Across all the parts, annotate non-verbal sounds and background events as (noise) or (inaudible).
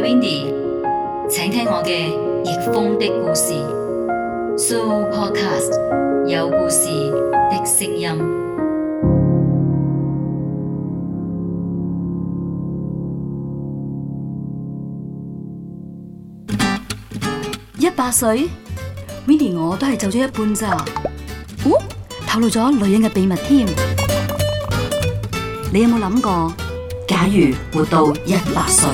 Wendy，請聽我嘅逆風的故事。So Podcast 有故事的聲音。一百歲，Wendy 我都係走咗一半咋？哦，透露咗女人嘅秘密添。你有冇諗過，假如活到一百歲？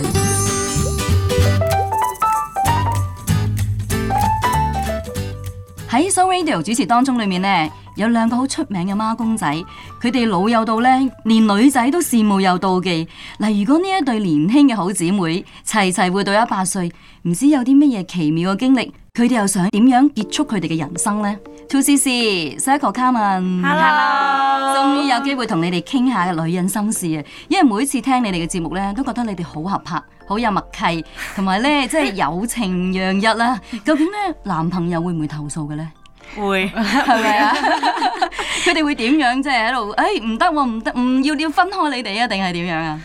喺《So Radio》主持當中，裏面呢，有兩個好出名嘅孖公仔，佢哋老友到呢，連女仔都羨慕又妒忌。嗱，如果呢一對年輕嘅好姊妹齊齊活到一百歲，唔知有啲乜嘢奇妙嘅經歷，佢哋又想點樣結束佢哋嘅人生呢？兔 o C C Cycle Carmen，係啦，終於有機會同你哋傾下女人心事。因為每次聽你哋嘅節目咧，都覺得你哋好合拍，好有默契，同埋咧即係友情洋溢。究竟咧，男朋友會唔會投訴嘅咧？會係咪啊？佢哋 (laughs) 會點樣即係喺度？誒，唔得喎，唔得、啊，唔要、嗯、要分開你哋啊，定係點樣啊？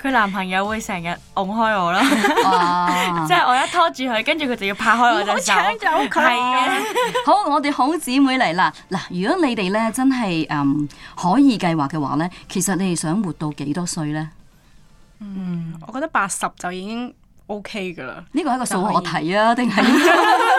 佢男朋友會成日戹開我啦，即係哇 (laughs) 我一拖住佢，跟住佢就要拍開我隻手，搶走佢。係啊 (laughs) 的， (laughs) 好，我哋好姊妹嚟啦嗱。如果你哋咧真係誒、嗯、可以計劃嘅話咧，其實你哋想活到幾多歲咧？嗯，我覺得八十就已經 OK 噶啦。呢個係個數學題啊，定係？ (laughs)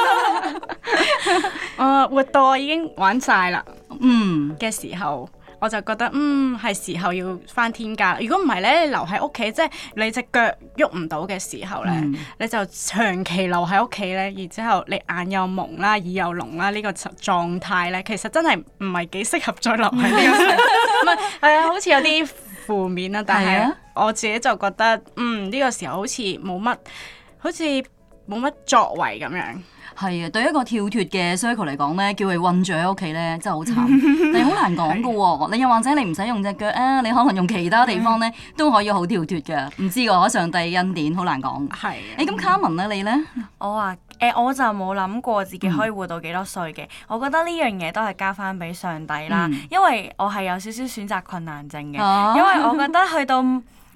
我、 (laughs) 呃、活到我已經玩晒啦，嗯嘅、mm. 時候，我就覺得嗯係時候要返天家。如果唔係咧，你留喺屋企，即係你隻腳喐唔到嘅時候咧，mm. 你就長期留喺屋企咧，然之後你眼又蒙啦，耳又聾啦，這個、狀態呢個狀態咧，其實真係唔係幾適合再留喺呢個時候。唔係， (laughs) (laughs) 係啊，好似有啲負面啊， (laughs) 但係我自己就覺得嗯呢、這個時候好似冇乜，好似冇乜作為咁樣。係啊，對一個跳脱嘅 circle 嚟講咧，叫佢困住喺屋企咧，真係好慘。你好 (laughs) 難講噶喎，你又的或者你唔使用隻腳啊，你可能用其他地方咧都可以好跳脱嘅，唔知我上帝恩典，好難講。係的。誒、欸，咁 Carmen 咧，你咧？我啊，誒、呃，我就冇諗過自己可以活到幾多歲嘅。嗯、我覺得呢樣嘢都係交翻俾上帝啦，嗯、因為我係有少少選擇困難症嘅，啊、因為我覺得去到。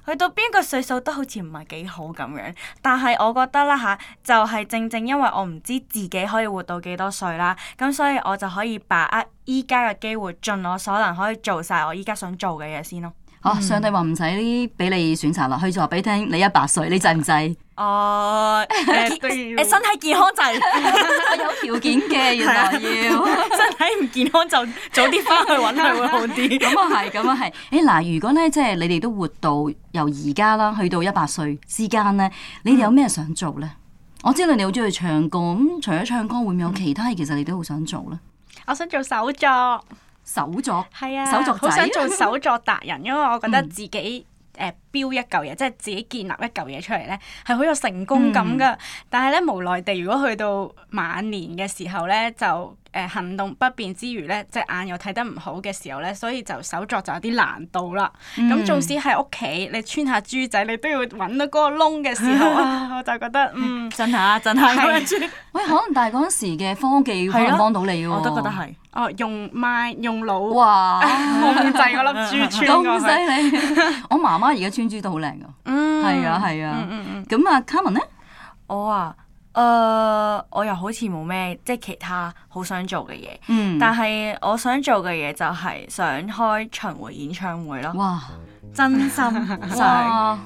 去到邊個歲數都好似唔係幾好咁樣，但係我覺得啦嚇，就係正正因為我唔知自己可以活到幾多歲啦，咁所以我就可以把握依家嘅機會，盡我所能可以做晒我依家想做嘅嘢先咯。啊！上帝話唔使俾你選擇啦去，就話俾你聽你一百歲，你制唔制？哦，你身體健康就係，我有條件嘅，原來要，身體唔健康就早啲翻去揾佢會好啲。咁啊係，咁啊係。誒嗱，如果咧即係你哋都活到由而家啦，去到一百歲之間咧，你哋有咩想做咧？我知道你好中意唱歌，咁除咗唱歌，會唔會有其他，其實你都好想做咧？我想做手作。手作，係啊，手作，好想做手作達人， (laughs) 因為我覺得自己誒標、嗯呃、一嚿嘢，即係自己建立一嚿嘢出嚟咧，係好有成功感噶。嗯、但係咧，無奈地如果去到晚年嘅時候咧，就～誒行動不便之餘咧，隻眼又睇得唔好嘅時候咧，所以就手作就有啲難度啦。咁縱使喺屋企，你穿下珠仔，你都要搵到嗰個窿嘅時候啊，我就覺得嗯震下震下。喂，可能但係嗰陣時嘅科技可能幫到你喎，我都覺得係。哦，用賣用腦哇，控制嗰粒珠穿。咁犀利！我媽媽而家穿珠都好靚噶，係啊係啊。咁啊，卡文咧，我啊。誒，uh, 我又好似冇咩即係其他好想做嘅嘢，嗯、但係我想做嘅嘢就係想開巡迴演唱會囉。哇真心想係 (laughs) 哇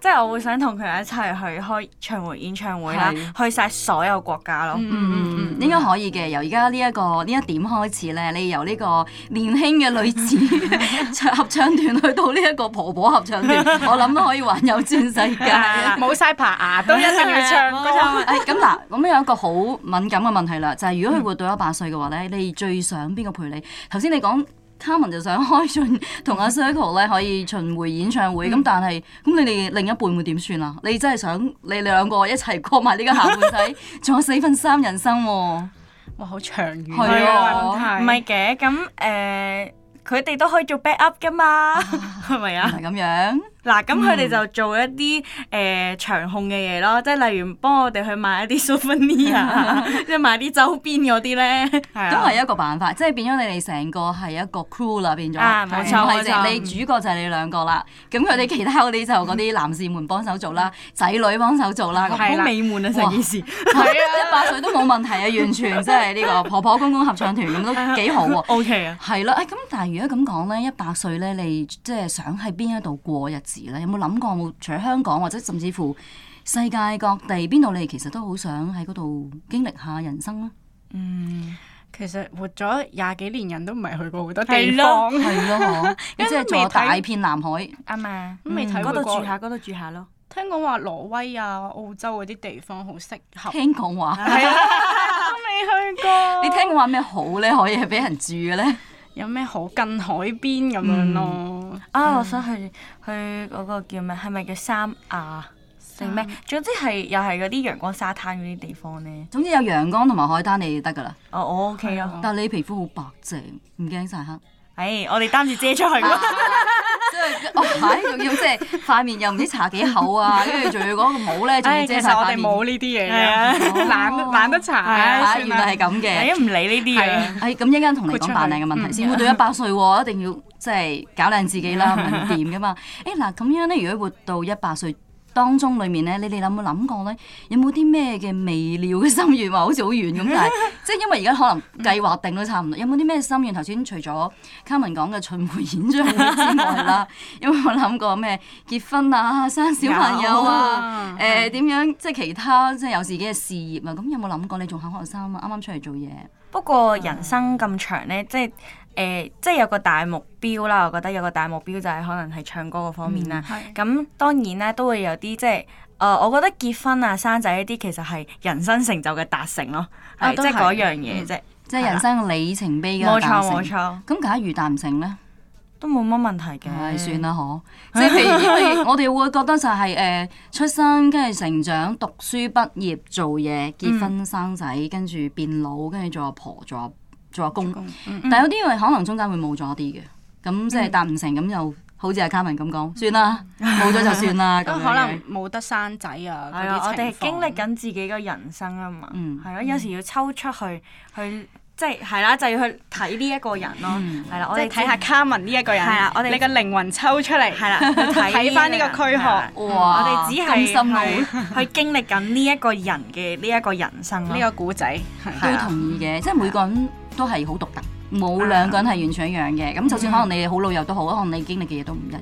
即係我會想同佢一齊去開唱會演唱會啦，是去晒所有國家咯、嗯。嗯嗯嗯，嗯嗯嗯應該可以嘅。由而家呢一個呢一點開始咧，你由呢個年輕嘅女子合唱團去到呢一個婆婆合唱團， (laughs) 我諗都可以環遊全世界。冇晒排牙都一定要唱歌。咁嗱、 (laughs) (laughs) 哎，咁有一個好敏感嘅問題啦，就係、是、如果佢活到一百歲嘅話咧， (laughs) 你最想邊個陪你？頭先你講。Carmen 就想開盡同阿 Circle 咧可以巡迴演唱會，咁、嗯、但係，咁你哋另一半會點算啊？你真係想你兩個一齊過埋呢個下半世，仲 (laughs) 有四分三人生喎、啊，哇，好長遠係啊，唔係嘅，咁誒、啊，佢哋、呃、都可以做 back up 噶嘛，係咪 (laughs) (laughs) 啊？係咁樣。嗱，咁佢哋就做一啲誒場控嘅嘢咯，即係例如幫我哋去買一啲 souvenir，即係買啲周邊嗰啲咧，都係一個辦法，即係變咗你哋成個係一個 crew 啦，變咗冇錯，淨你主角就係你兩個啦，咁佢哋其他嗰啲就嗰啲男士們幫手做啦，仔女幫手做啦，好美滿啊成件事，係啊，一百歲都冇問題啊，完全即係呢個婆婆公公合唱團咁都幾好喎，OK 啊，係啦，咁但係如果咁講咧，一百歲咧，你即係想喺邊一度過日？啦，有冇諗過冇？除咗香港或者甚至乎世界各地邊度，你其實都好想喺嗰度經歷下人生咯、啊。嗯，其實活咗廿幾年人都唔係去過好多地方，係咯嗬。即係坐大片南海啱嘛，都未喺嗰度住下嗰度住下咯。聽講話挪威啊、澳洲嗰啲地方好適合。聽講話係 (laughs) 啊，都未去過。你聽講話咩好咧？可以俾人住嘅咧？有咩好近海邊咁樣咯、嗯？啊，嗯、我想去去嗰個叫咩？係咪叫三亞？城三？咩？總之係又係嗰啲陽光沙灘嗰啲地方咧。總之有陽光同埋海灘你就得㗎啦。哦，我 OK 啊。但係你皮膚好白淨，唔驚曬黑。誒、哎，我哋擔住遮出去。啊 (laughs) (laughs) 哦，係、哎，仲要即係塊面又唔知搽幾厚啊，跟住仲要嗰個帽咧仲要遮曬塊面，哎、其實我哋冇呢啲嘢嘅，懶懶得搽、啊、原來係咁嘅。哎哎哎、一唔理呢啲嘢，係咁，一陣間同你講扮靚嘅問題先，活到一百歲喎、哦，一定要即係搞靚自己啦，唔掂嘅嘛。誒、哎、嗱，咁樣咧，如果活到一百歲。當中裡面咧，你哋有冇諗過咧？有冇啲咩嘅未了嘅心願話好似好遠咁，但係即係因為而家可能計劃定都差唔多。有冇啲咩心願？頭先除咗卡文講嘅巡迴演唱之外啦， (laughs) 有冇諗過咩結婚啊、生小朋友啊、誒點、啊呃、樣即係其他即係有自己嘅事業啊？咁有冇諗過？你仲係學生啊，啱啱出嚟做嘢。不過人生咁長呢，即係誒、呃，即係有個大目標啦。我覺得有個大目標就係可能係唱歌嗰方面啦。咁、嗯、當然呢，都會有啲即係，誒、呃，我覺得結婚啊、生仔呢啲其實係人生成就嘅達成咯，啊、是即係嗰樣嘢啫、嗯。即係人生嘅里程碑嘅達成。冇錯冇錯。咁假如達唔成呢？都冇乜問題嘅， (noise) 算啦嗬。即係，譬如，因為我哋會覺得就係、是、誒、呃、出生跟住成長、讀書、畢業、做嘢、結婚、嗯、生仔，跟住變老，跟住做阿婆、做阿做阿公。嗯嗯但係有啲係可能中間會冇咗啲嘅，咁即係達唔成就，咁又好似阿卡文咁講，嗯、算啦，冇咗就算啦。咁、嗯、可能冇得生仔啊！對我哋係經歷緊自己嘅人生啊嘛。係咯、嗯，有時要抽出去去。即係係啦，就要去睇呢一個人咯，係啦，我哋睇下卡文呢一個人，係啦，我哋你嘅靈魂抽出嚟，係啦，睇翻呢個軀殼，哇，我哋只係心裏去經歷緊呢一個人嘅呢一個人生呢個古仔，都同意嘅，即係每個人都係好獨特，冇兩個人係完全一樣嘅，咁就算可能你哋好老友都好，可能你經歷嘅嘢都唔一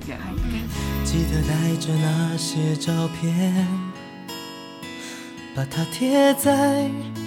樣。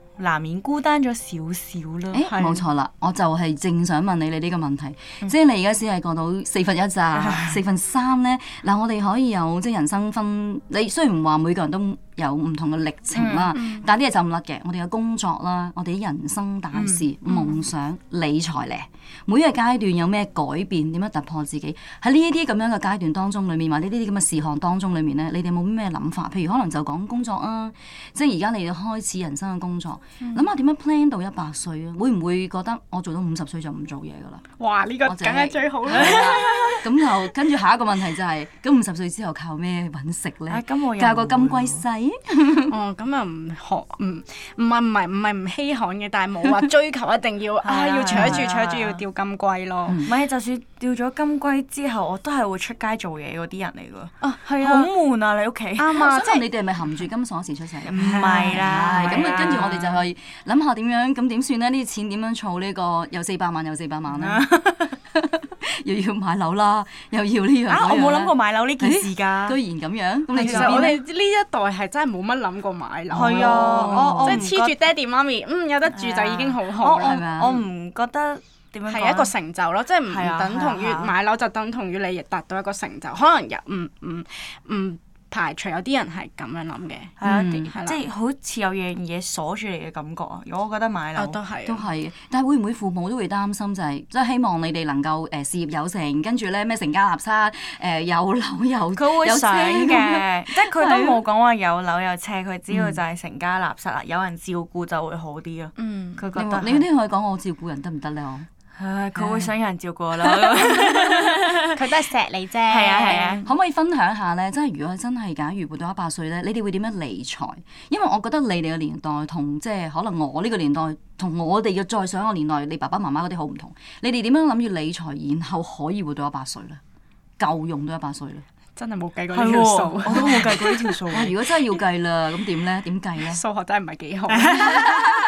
難免孤單咗少少咯，誒冇、欸、是錯啦，我就係正想問你你呢個問題，嗯、即係你而家只係過到四分一咋，唉四分三咧，嗱我哋可以有即係人生分，你雖然唔話每個人都。有唔同嘅歷程啦，嗯嗯、但啲嘢就唔甩嘅。我哋嘅工作啦，我哋啲人生大事、嗯嗯、夢想、理財咧，每一個階段有咩改變，點樣突破自己？喺呢一啲咁樣嘅階段當中，裡面話呢啲啲咁嘅事項當中裡面咧，你哋有冇咩諗法？譬如可能就講工作啊，即係而家你哋開始人生嘅工作，諗下點樣 plan 到一百歲啊？會唔會覺得我做到五十歲就唔做嘢㗎喇？哇！呢、這個梗係最好啦！咁又 (laughs) (laughs) 跟住下一個問題就係、是：咁五十歲之後靠咩揾食咧？靠個、啊、 (laughs) 金龜婿？哦，咁又唔罕，唔唔係唔係唔係唔稀罕嘅，但係冇話追求一定要啊，要扯住扯住要釣金龜咯。唔係，就算釣咗金龜之後，我都係會出街做嘢嗰啲人嚟噶。哦，係啊，好悶啊！你屋企啱啊，即係你哋係咪含住金鎖匙出世嘅？唔係啦，咁啊，跟住我哋就去諗下點樣，咁點算呢？呢啲錢點樣儲呢個？有四百萬，有四百萬啦。 (laughs) 又要買樓啦，又要呢樣。啊，我冇諗過買樓呢件事㗎咦。居然咁樣？你其實我哋呢一代係真係冇乜諗過買樓。係啊，嗯、我即係黐住爹地媽咪，嗯、有得住就已經好好啦、啊。我唔嗎覺得點樣。係一個成就咯，即係唔等同於買樓就等同於你亦達到一個成就，可能有唔唔唔。嗯嗯嗯排除有啲人係咁樣諗嘅，係啊、嗯，的即係好似有樣嘢鎖住你嘅感覺啊！我覺得買樓都係、啊，都係、啊、但係會唔會父母都會擔心、就係，就係即係希望你哋能夠誒、呃、事業有成，跟住咧咩成家立室誒、呃、有樓有，佢會想嘅，有即係佢都冇講話有樓有車，佢、啊、只要就係成家立室啊，嗯、有人照顧就會好啲咯。嗯，佢覺得你聽佢講我照顧人得唔得咧？我佢、啊、會想有人照顧啦。佢都係錫你啫。係啊係啊。啊啊，可唔可以分享下咧？真係如果真係假如活到一百歲咧，你哋會點樣理財？因為我覺得你哋嘅年代同即係可能我呢個年代同我哋嘅再上一個年代，你爸爸媽媽嗰啲好唔同。你哋點樣諗住理財，然後可以活到一百歲咧？夠用到一百歲咧？真係冇計過呢條數。哦、我都冇計過呢條數。 (laughs) (laughs) 如果真係要計啦，咁點咧？點計咧？數學真係唔係幾好。 (laughs)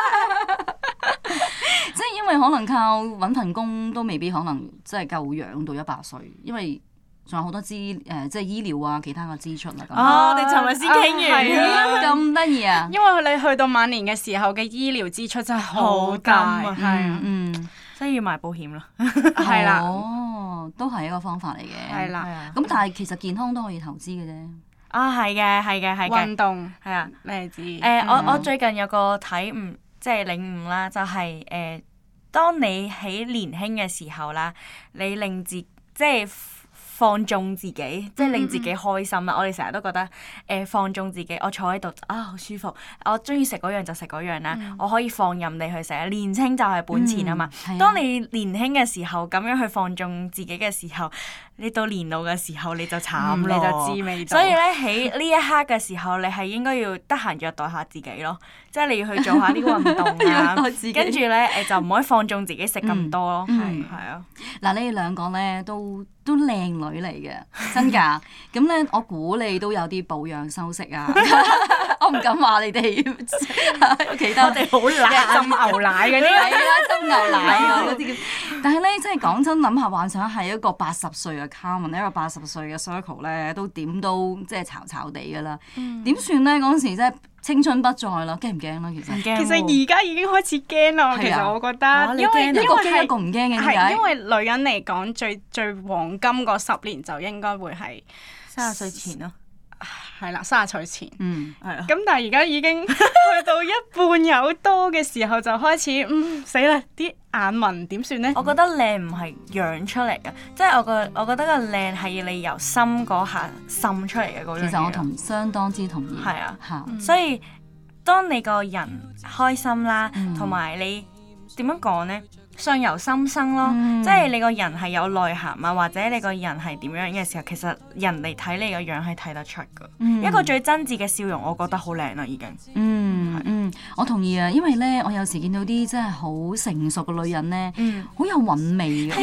可能靠搵份工都未必可能，即係夠養到一百歲，因為仲有好多資誒，即係醫療啊，其他嘅支出啦。啊，我哋尋日先傾完，咁得意啊！因為你去到晚年嘅時候嘅醫療支出真係好大，係啊，嗯，即係要買保險咯，係啦，哦，都係一個方法嚟嘅，係啦，咁但係其實健康都可以投資嘅啫。啊，係嘅，係嘅，係嘅，運動係啊，咩知？誒，我我最近有個體悟，即係領悟啦，就係誒。當你喺年輕嘅時候啦，你令自即係放縱自己，即係令自己開心啦。嗯嗯，我哋成日都覺得誒、呃、放縱自己，我坐喺度啊好舒服，我中意食嗰樣就食嗰樣啦，嗯、我可以放任你去食。年輕就係本錢啊嘛，嗯、當你年輕嘅時候咁樣去放縱自己嘅時候。你到年老嘅時候你就慘，你就滋味到。所以咧喺呢一刻嘅時候，你係應該要得閒虐待下自己咯，即係你要去做下啲運動啊，跟住咧誒就唔可以放縱自己食咁多咯。係係啊！嗱，你哋兩個咧都都靚女嚟嘅，真㗎。咁咧我估你都有啲保養修飾啊。我唔敢話你哋要食，其他我哋好飲牛奶嗰啲啦，飲牛奶嗰啲。但係咧，真係講真，諗下幻想係一個八十歲。coming 一個八十歲嘅 circle 咧，都點都即係吵吵地㗎喇。點、嗯、算咧？嗰陣時即係青春不再啦，驚唔驚咧？其實其實而家已經開始驚啦。啊、其實我覺得，啊、因為因為係因為女人嚟講，最最黃金嗰十年就應該會係三十歲前咯。係啦，卅歲前，係啊、嗯，咁但係而家已經去到一半有多嘅時候，就開始， (laughs) 嗯，死啦！啲眼紋點算咧？我覺得靚唔係養出嚟嘅，即係我個，我覺得個靚係要你由心嗰下滲出嚟嘅嗰樣。其實我同相當之同意，係啊，啊嗯、所以當你個人開心啦，同埋、嗯、你點樣講咧？上由心生咯，嗯、即係你個人係有內涵啊，或者你個人係點樣嘅時候，其實人嚟睇你個樣係睇得出㗎。嗯、一個最真摯嘅笑容，我覺得好靚啦，已經。嗯是嗯，我同意啊，因為咧，我有時見到啲真係好成熟嘅女人咧，嗯、好有韻味嘅。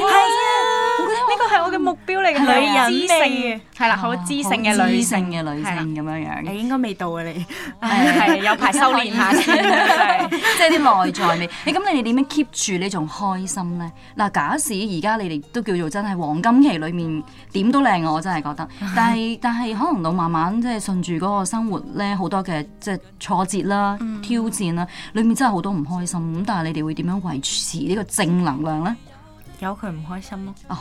呢個係我嘅目標嚟嘅，女人性，係啦，好知性嘅女性嘅女性咁樣樣。你應該未到啊，你係有排修煉下先，即係啲內在美？你咁你哋點樣 keep 住呢種開心咧？嗱，假使而家你哋都叫做真係黃金期裏面點都靚，我真係覺得。但係但係可能到慢慢即係順住嗰個生活咧，好多嘅即係挫折啦、挑戰啦，裏面真係好多唔開心咁。但係你哋會點樣維持呢個正能量咧？有佢唔開心咯。哦。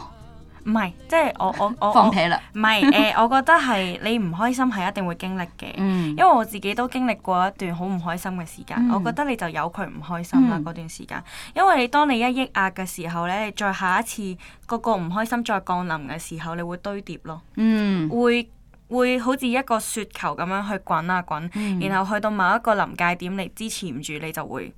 唔係，即係我我我 (laughs) 放棄屁啦了。唔係，誒，我覺得係你唔開心係一定會經歷嘅。 (laughs) 嗯、因為我自己都經歷過一段好唔開心嘅時間。嗯、我覺得你就由佢唔開心啦嗰、嗯、段時間。因為你當你一抑壓嘅時候咧，你再下一次個個唔開心再降臨嘅時候，你會堆疊咯。嗯會，會會好似一個雪球咁樣去滾啊滾，嗯、然後去到某一個臨界點，你支持唔住，你就會，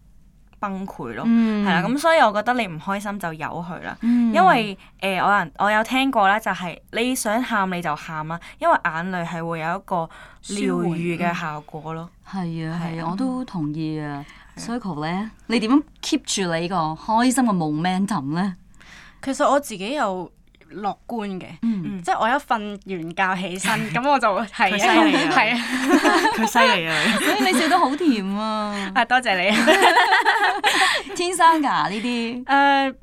崩潰咯，係啦、嗯，咁所以我覺得你唔開心就由佢啦，嗯、因為誒、呃、我人我有聽過咧，就係你想喊你就喊啦，因為眼淚係會有一個療癒嘅效果咯。係啊係啊，我都同意啊。So 咧，你點樣 keep 住你個開心嘅 momentum 咧、um？其實我自己又。樂觀嘅，嗯、即係我一瞓完覺起身，咁我就係，係啊、嗯，佢犀利啊，所以你笑得好甜啊，啊多謝，謝你， (laughs) 天生㗎呢啲，誒、uh,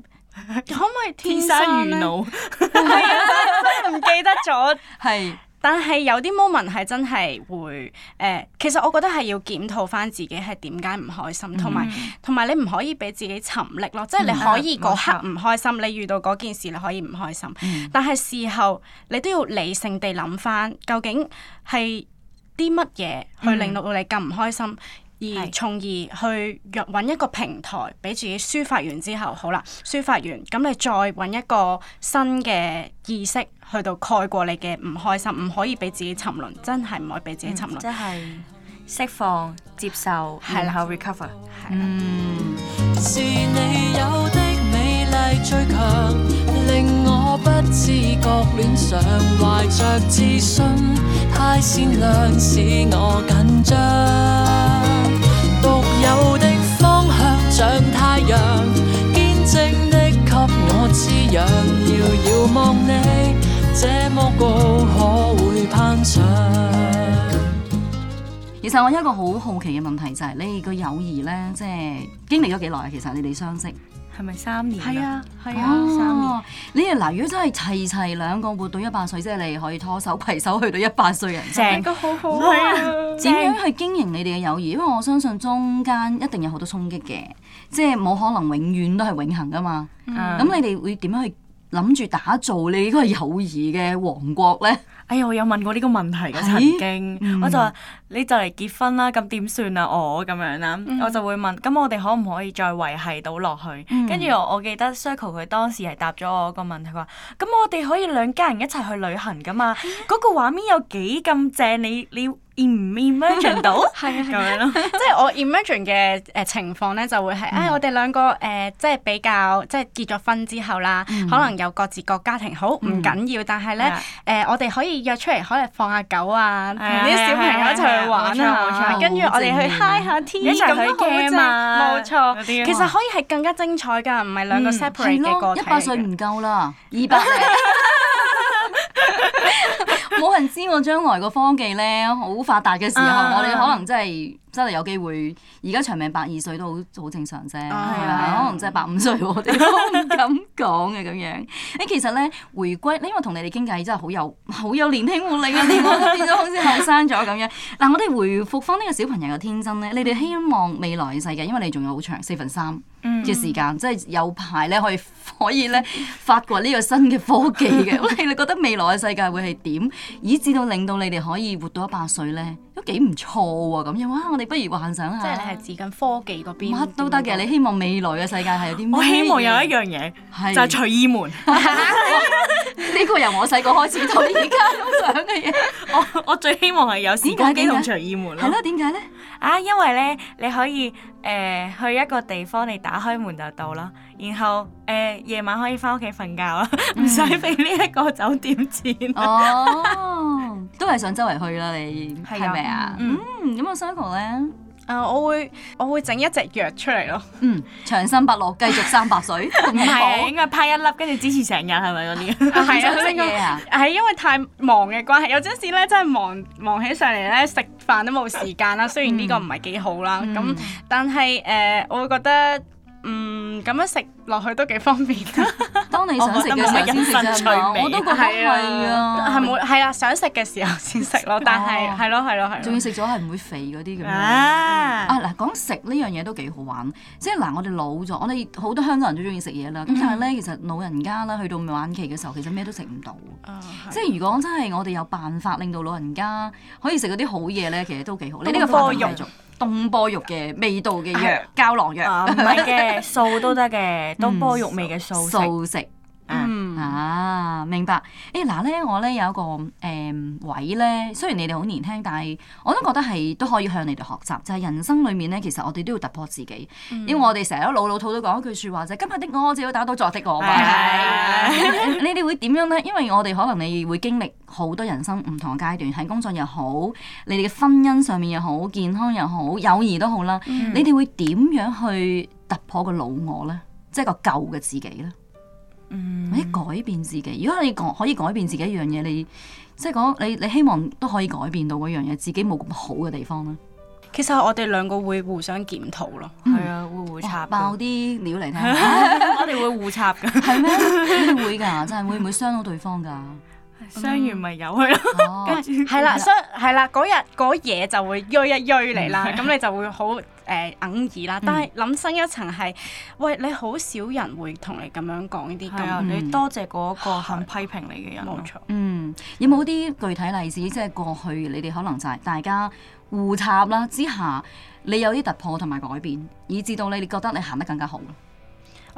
可唔可以天生魚腦，唔記得咗，係。但係有啲 moment 係真係會，誒、呃，其實我覺得係要檢討翻自己係點解唔開心，同埋同埋你唔可以俾自己沉溺咯，即係、嗯、你可以嗰刻唔開心，嗯、你遇到嗰件事你可以唔開心，嗯、但係事後你都要理性地諗翻，究竟係啲乜嘢去令到你咁唔開心。嗯嗯。而從而去若揾一個平台，俾自己抒發完之後，好啦，抒發完，咁你再揾一個新嘅意識去到蓋過你嘅唔開心，唔可以俾自己沉淪，真係唔可以俾自己沉淪。嗯、即係釋放、接受，係啦、嗯、recover。係啦。人遙遙望你這麼高，可會攀上？其實我有一個好好奇嘅問題就係，你哋個友誼呢，即係經歷咗幾耐啊？其實你哋相識係咪三年？係啊，係啊，三年。你哋嗱，如果真係齊齊兩個活到一百歲，即係你可以拖手攜手去到一百歲人生，都好好啊！點樣去經營你哋嘅友誼？因為我相信中間一定有好多衝擊嘅，即係冇可能永遠都係永恆噶嘛。咁，嗯，你哋會點樣去諗住打造你呢個友誼嘅王國呢？哎呀，我有問過呢個問題㗎曾經，欸、我就話、嗯、你就嚟結婚啦，咁點算呀我咁樣啦，嗯、我就會問，咁我哋可唔可以再維係到落去？跟住、嗯、我，我記得 Circle 佢當時係答咗我個問題，佢話咁我哋可以兩家人一齊去旅行㗎嘛，嗰、嗯、個畫面有幾咁正？你了。你 emerge 到係啊咁咯，即係我 emerge n 嘅誒情況咧，就會係誒我哋兩個誒，即係比較即係結咗婚之後啦，可能有各自各家庭好唔緊要，但係咧誒我哋可以約出嚟可能放下狗啊，同啲小朋友一齊去玩啊，跟住我哋去嗨下天，咁齊去 g a 冇錯，其實可以係更加精彩㗎，唔係兩個 separate 嘅個一百歲唔夠啦，二百歲。冇人知我將來個科技呢，好發達嘅時候，我哋可能真係～真係有機會，而家長命百二歲都好好正常啫，係啊、oh, 吧，可能真係百五歲， (laughs) 我哋都唔敢講嘅咁樣。誒，其實咧，回歸，因為同你哋傾偈真係好有好有年輕活力啊，連我都變咗好似後生咗咁樣。嗱，我哋回覆翻呢個小朋友嘅天真咧，你哋希望未來嘅世界，因為你仲有好長四分三嘅時間，mm hmm. 即係有排咧可以可以咧發掘呢個新嘅科技嘅， (laughs) 你哋覺得未來嘅世界會係點，以至到令到你哋可以活到一百歲咧？都幾唔錯喎，咁樣哇！我哋不如幻想下，即係你係指緊科技嗰邊乜都得嘅，你希望未來嘅世界係有啲咩？我希望有一樣嘢，就係隨意門。呢個由我細個開始到而家都想嘅嘢。我我最希望係有時間機同隨意門。係啦，點解咧？啊，因為咧你可以誒去一個地方，你打開門就到啦。然後誒夜晚可以返屋企瞓覺啦，唔使俾呢一個酒店錢。哦。都係想周圍去啦，你係咪啊？是是嗯，咁我生活咧，誒、呃，我會我會整一隻藥出嚟咯。嗯，長生不老，繼續三百水，唔係啊， (laughs) 應該派一粒跟住支持成日係咪嗰啲啊？係啊，食嘢啊？係因為太忙嘅關係，有陣時咧真係忙忙起上嚟咧，食飯都冇時間啦。雖然呢個唔係幾好啦，咁、 (laughs) 嗯、但係誒、呃，我會覺得。嗯，咁樣食落去都幾方便。 (laughs) 當你想食嘅時候先食，我都覺得冇乜引發趣味，係啊，係冇係啦，想食嘅時候先食咯。但係係咯，係咯，係仲要食咗係唔會肥嗰啲咁樣。啊嗱，講食呢樣嘢都幾好玩。即係嗱，我哋老咗，我哋好多香港人都中意食嘢啦。咁、嗯、但係咧，其實老人家啦，去到晚期嘅時候，其實咩都食唔到。啊、即係如果真係我哋有辦法令到老人家可以食嗰啲好嘢咧，其實都幾好。你呢個方向東坡肉嘅味道嘅藥、uh, yeah. 膠囊藥、uh,，唔係嘅素都得嘅東坡肉味嘅素、嗯，素食。啊，明白！誒嗱咧，我咧有一個誒、嗯、位咧，雖然你哋好年輕，但係我都覺得係都可以向你哋學習，就係、是、人生裡面咧，其實我哋都要突破自己，嗯、因為我哋成日都老老土都講一句説話就係、是：今日的我，就要打倒昨日的我嘛。係、哎呀， (laughs) 你哋會點樣咧？因為我哋可能你會經歷好多人生唔同階段，喺工作又好，你哋嘅婚姻上面又好，健康又好，友誼都好啦。嗯、你哋會點樣去突破個老我咧？即係個舊嘅自己咧？或者、嗯、改變自己，如果你改可，可以改變自己一樣嘢，你即係講，你你希望都可以改變到嗰樣嘢，自己冇咁好嘅地方咧。其實我哋兩個會互相檢討咯，係、嗯、啊，會互插、哦、爆啲料嚟聽，我哋會互插噶，係咩？會噶，就係會唔會傷到對方噶？相遇咪有佢咯 (laughs) 著他、哦，係啦相係啦，嗰日嗰嘢就會喐一喐你啦，咁、嗯、你就會好誒愕然啦。嗯、但係諗深一層係，喂，你好少人會同你咁樣講呢啲。係啊，你多謝嗰個肯批評你嘅人。冇、嗯、錯，嗯，有冇啲具體例子？即係過去你哋可能就係大家互插啦之下，你有啲突破同埋改變，以至到你你覺得你行得更加好。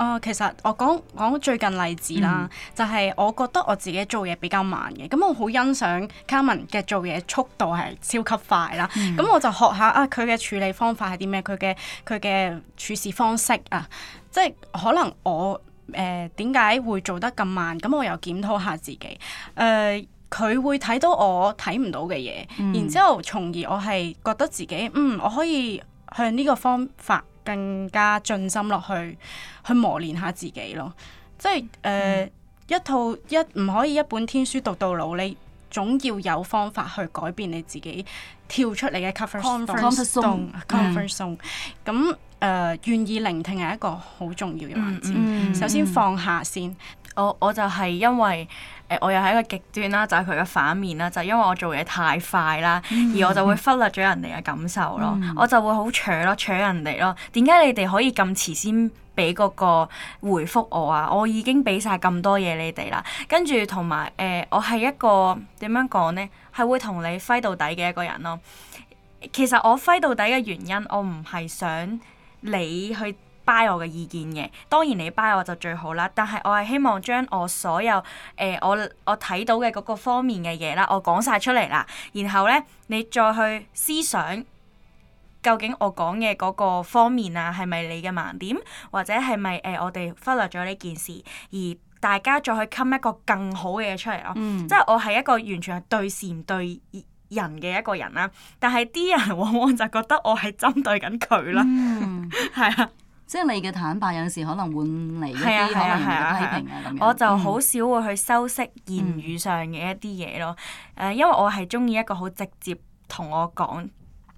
啊、哦，其實我講講最近例子啦，嗯、就係我覺得我自己做嘢比較慢嘅，咁我好欣賞卡文嘅做嘢速度係超級快啦，咁、嗯、我就學下啊佢嘅處理方法係啲咩，佢嘅佢嘅處事方式啊，即係可能我誒點解會做得咁慢，咁我又檢討下自己，誒、呃、佢會睇到我睇唔到嘅嘢，嗯、然之後從而我係覺得自己嗯我可以向呢個方法。更加盡心落去，去磨練下自己咯。即係誒、呃嗯、一套一唔可以一本天書讀到老，你總要有方法去改變你自己，跳出你嘅 comfort zone。咁、嗯、誒、嗯呃、願意聆聽係一個好重要嘅環節。嗯嗯嗯、首先放下先。我我就係因為誒、呃，我又係一個極端啦，就係佢嘅反面啦，就係、因為我做嘢太快啦，嗯、而我就會忽略咗人哋嘅感受咯，嗯、我就會好搶咯，搶人哋咯。點解你哋可以咁遲先俾嗰個回覆我啊？我已經俾晒咁多嘢你哋啦，跟住同埋誒，我係一個點樣講咧？係會同你揮到底嘅一個人咯。其實我揮到底嘅原因，我唔係想你去 by 我嘅意見嘅，當然你 buy 我就最好啦。但係我係希望將我所有誒、呃、我我睇到嘅嗰個方面嘅嘢啦，我講晒出嚟啦，然後呢你再去思想究竟我講嘅嗰個方面啊，係咪你嘅盲點，或者係咪誒我哋忽略咗呢件事，而大家再去 combine 一個更好嘅嘢出嚟咯。即係、嗯、我係一個完全係對事唔對人嘅一個人啦。但係啲人往往就覺得我係針對緊佢啦。嗯，係 (laughs) 啊。即係你嘅坦白有時可能換嚟一啲可能人嘅批評啊，我就好少會去修飾言語上嘅一啲嘢咯。誒，因為我係中意一個好直接同我講，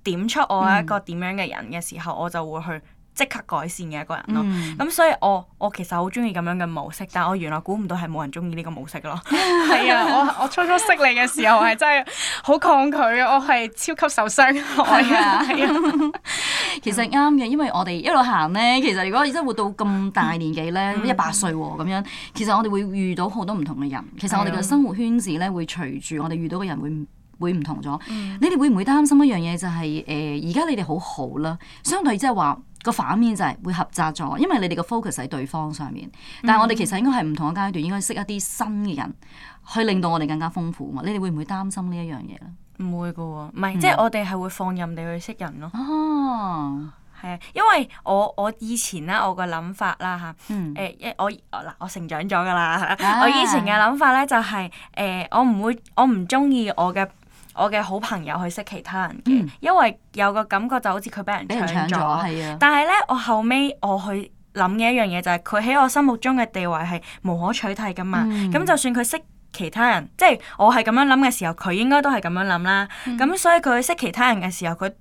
點出我係一個點樣嘅人嘅時候，我就會去即刻改善嘅一個人咯、嗯。咁、嗯、所以我，我我其實好中意咁樣嘅模式，但我原來估唔到係冇人中意呢個模式咯。係 笑 realised 啊，我我初初識你嘅時候係真係好抗拒，我係超級受傷害嘅。啊！係 reviewers, 啊！其實啱嘅，因為我哋一路行咧，其實如果真係活到咁大年紀咧，一百、嗯、歲喎、啊、咁樣，其實我哋會遇到好多唔同嘅人。其實我哋嘅生活圈子咧，會隨住我哋遇到嘅人會會唔同咗。嗯、你哋會唔會擔心一樣嘢、就係？就係誒，而家你哋好好啦，相對即係話個反面就係會狹窄咗，因為你哋嘅 focus 喺對方上面。但係我哋其實應該係唔同嘅階段，應該識一啲新嘅人，去令到我哋更加豐富嘛。你哋會唔會擔心呢一樣嘢咧？唔會㗎喎，唔係、嗯、即係我哋係會放任你去識人咯。哦，係啊，因為我我以前啦，我個諗法啦嚇，誒一我嗱我成長咗㗎啦，我以前嘅諗法咧就係、是、誒、欸、我唔會我唔中意我嘅我嘅好朋友去識其他人嘅，嗯、因為有個感覺就好似佢俾人搶咗，搶，但係咧，我後尾我去諗嘅一樣嘢就係佢喺我心目中嘅地位係無可取替㗎嘛。咁就算佢識嗯其他人，即係我係咁樣諗嘅時候，佢應該都係咁樣諗啦。咁、嗯、所以佢識其他人嘅時候，佢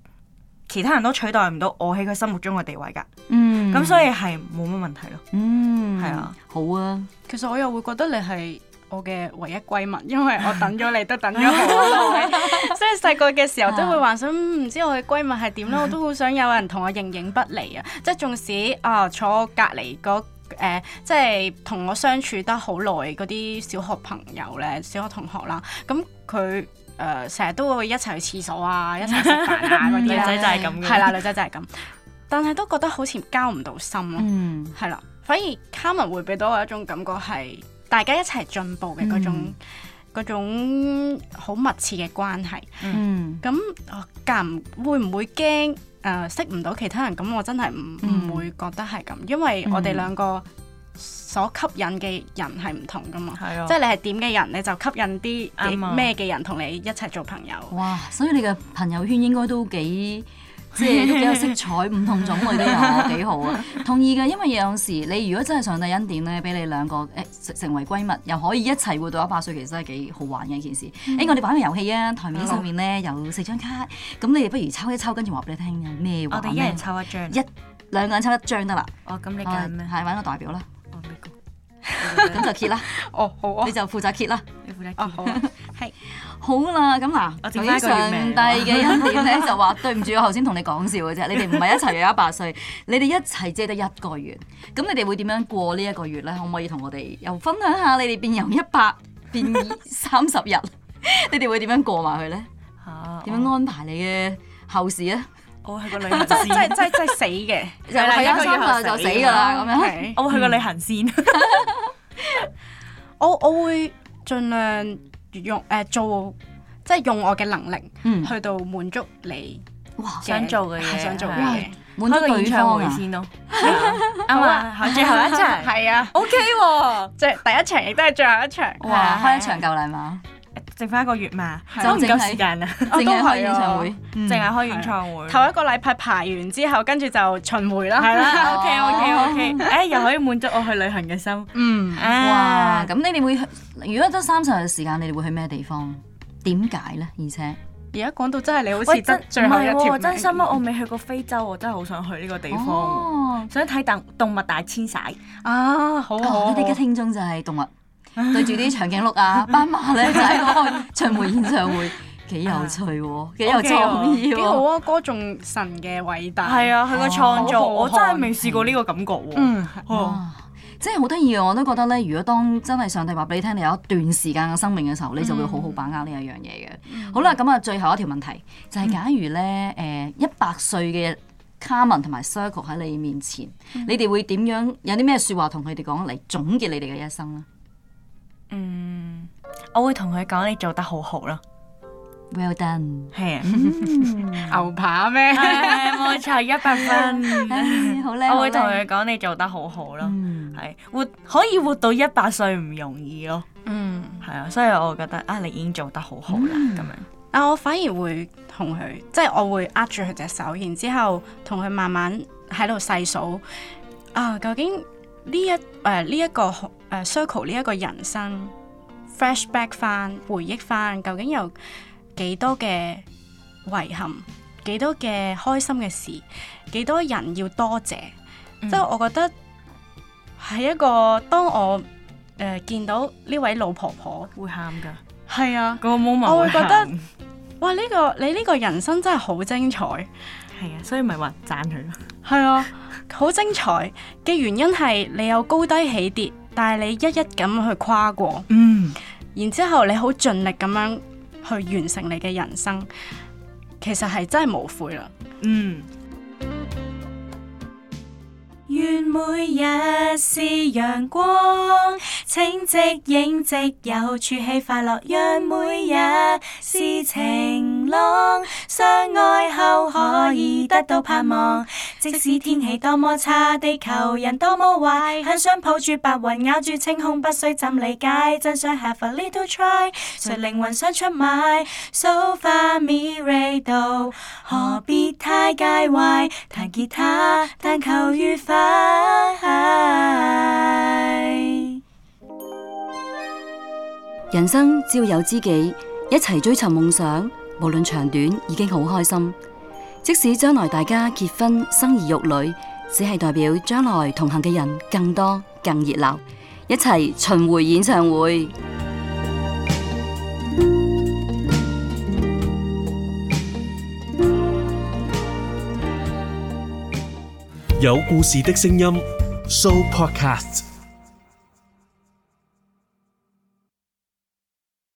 其他人都取代唔到我喺佢心目中嘅地位噶。嗯，咁所以係冇乜問題咯。嗯，係啊，好啊。其實我又會覺得你係我嘅唯一閨蜜，因為我等咗你，都等咗好耐。 (laughs) (laughs) 所以細個嘅時候，都會幻想，唔知我嘅閨蜜係點咧？我都好想有人同我形影不離啊！即係仲使啊，坐我隔籬、嗰個。誒、呃，即係同我相處得好耐嗰啲小學朋友咧，小學同學啦，咁佢誒成日都會一齊去廁所啊，一齊食飯啊嗰啲。 (laughs) 女仔就係咁，係啦，女仔就係咁， (laughs) 但係都覺得好似交唔到心咯，係、嗯、啦，反而卡文會俾到我一種感覺係大家一齊進步嘅嗰種、嗯。嗯嗰種好密切嘅關係，咁嗯、唔會唔會驚、呃、識唔到其他人？咁我真係唔唔會覺得係咁，因為我哋兩個所吸引嘅人係唔同噶嘛，嗯、即係你係點嘅人，你就吸引啲咩嘅人同你一齊做朋友。哇！所以你嘅朋友圈應該都幾～即係都幾有色彩，唔同種類都有啊，幾好啊！ (laughs) 同意嘅，因為有時你如果真係上帝恩典咧，俾你兩個誒、欸、成為閨蜜，又可以一齊活到一百歲，其實真係幾好玩嘅一件事。誒、嗯，我哋玩個遊戲啊！台面上面咧、嗯、有四張卡，咁你哋不如抽一抽，跟住話俾你聽咩話咩抽一張，一兩個人抽一張得啦。咁、哦、你揀咩係揾、啊、個代表啦。咁、哦、 (laughs) 就揭啦。 (laughs) 哦，好啊。你就負責揭啦。你負責揭。 (laughs) 好啦，咁嗱，上帝嘅恩典咧就話，對唔住，我頭先同你講笑嘅啫。你哋唔係一齊有一百歲，你哋一齊借得一個月，咁你哋會點樣過呢一個月咧？可唔可以同我哋又分享下你哋變由一百變三十日，你哋會點樣過埋去咧？啊，點樣安排你嘅後事咧？我去個旅行，真係真係真係死嘅，就係一三十就死噶啦，咁樣。我會去個旅行先，我我會盡量。用誒做，即係用我嘅能力，嗯，去到滿足你，哇！想做嘅嘢，想做嘅嘢，開個演唱會先咯。啊！最後一場，係啊，O K 即係第一場亦都係最後一場。哇！開一場夠啦嘛，剩翻一個月嘛，就唔夠時間啦。淨係開演唱會，淨係開演唱會。頭一個禮拜排完之後，跟住就巡迴啦。係啦，O K O K O K。誒，又可以滿足我去旅行嘅心。嗯，哇！咁你哋會？如果得三十日嘅時間，你哋會去咩地方？點解咧？而且而家講到真係你好似真最後一條。真心啊，我未去過非洲，我真係好想去呢個地方。想睇動物大遷徙啊！好，啊！你哋嘅聽眾就係動物，對住啲長頸鹿啊、斑馬咧，就嗰個巡迴演唱會幾有趣喎，幾有創意喎！幾好啊！歌頌神嘅偉大，係啊，佢個創作我真係未試過呢個感覺喎。即係好得意嘅，我都覺得咧，如果當真係上帝話俾你聽，你有一段時間嘅生命嘅時候，你就會好好把握呢一樣嘢嘅。嗯嗯、好啦，咁、嗯、啊，最後一條問題就係、是，假如咧誒一百歲嘅卡文同埋 Circle 喺你面前，嗯、你哋會點樣，有啲咩説話同佢哋講嚟總結你哋嘅一生咧？嗯，我會同佢講你做得好好囉。Well done，係啊，牛扒咩？冇錯，一百分。好叻，我會同佢講你做得好好咯，係活、mm. 可以活到一百歲唔容易咯，係、mm. 啊，所以我覺得啊，你已經做得好好啦咁樣。但、mm. 天啊、我反而會同佢，即、就、係、是、我會握住佢隻手，然之後同佢慢慢喺度細數啊，究竟呢一誒呢一個誒 circle 呢一個人生，flashback 翻回憶翻，究竟又。幾多嘅遺憾，幾多嘅開心嘅事，幾多人要多謝，即係、嗯、我覺得係一個當我誒、呃、見到呢位老婆婆會喊噶，係啊，個 moment 我會覺得，的哇呢個你呢個人生真係好精彩，係啊，所以咪話讚佢咯，係啊，好 (laughs) 精彩嘅原因係你有高低起跌，但係你一一咁去跨過，嗯，然之後你好盡力咁樣。去完成你嘅人生，其實係真係無悔啦。嗯。願每日是陽光，請即影即有處喜，儲起快樂，讓每日是晴朗，相愛後可以得到盼望。即使天氣多麼差，地球人多麼壞，很 (music) 想抱住白雲，咬住青空，不需怎理解，真想 have a little try。誰 (music) 靈魂想出賣？So far, me ready 到，何必太介懷？彈吉他，但求愉快。 (music) 人生只要有知己，一齊追尋夢想，無論長短，已經好開心。即使將來大家結婚、生兒育女，只係代表將來同行嘅人更多、更熱鬧，一齊巡迴演唱會。有故事的聲音，Show Podcast。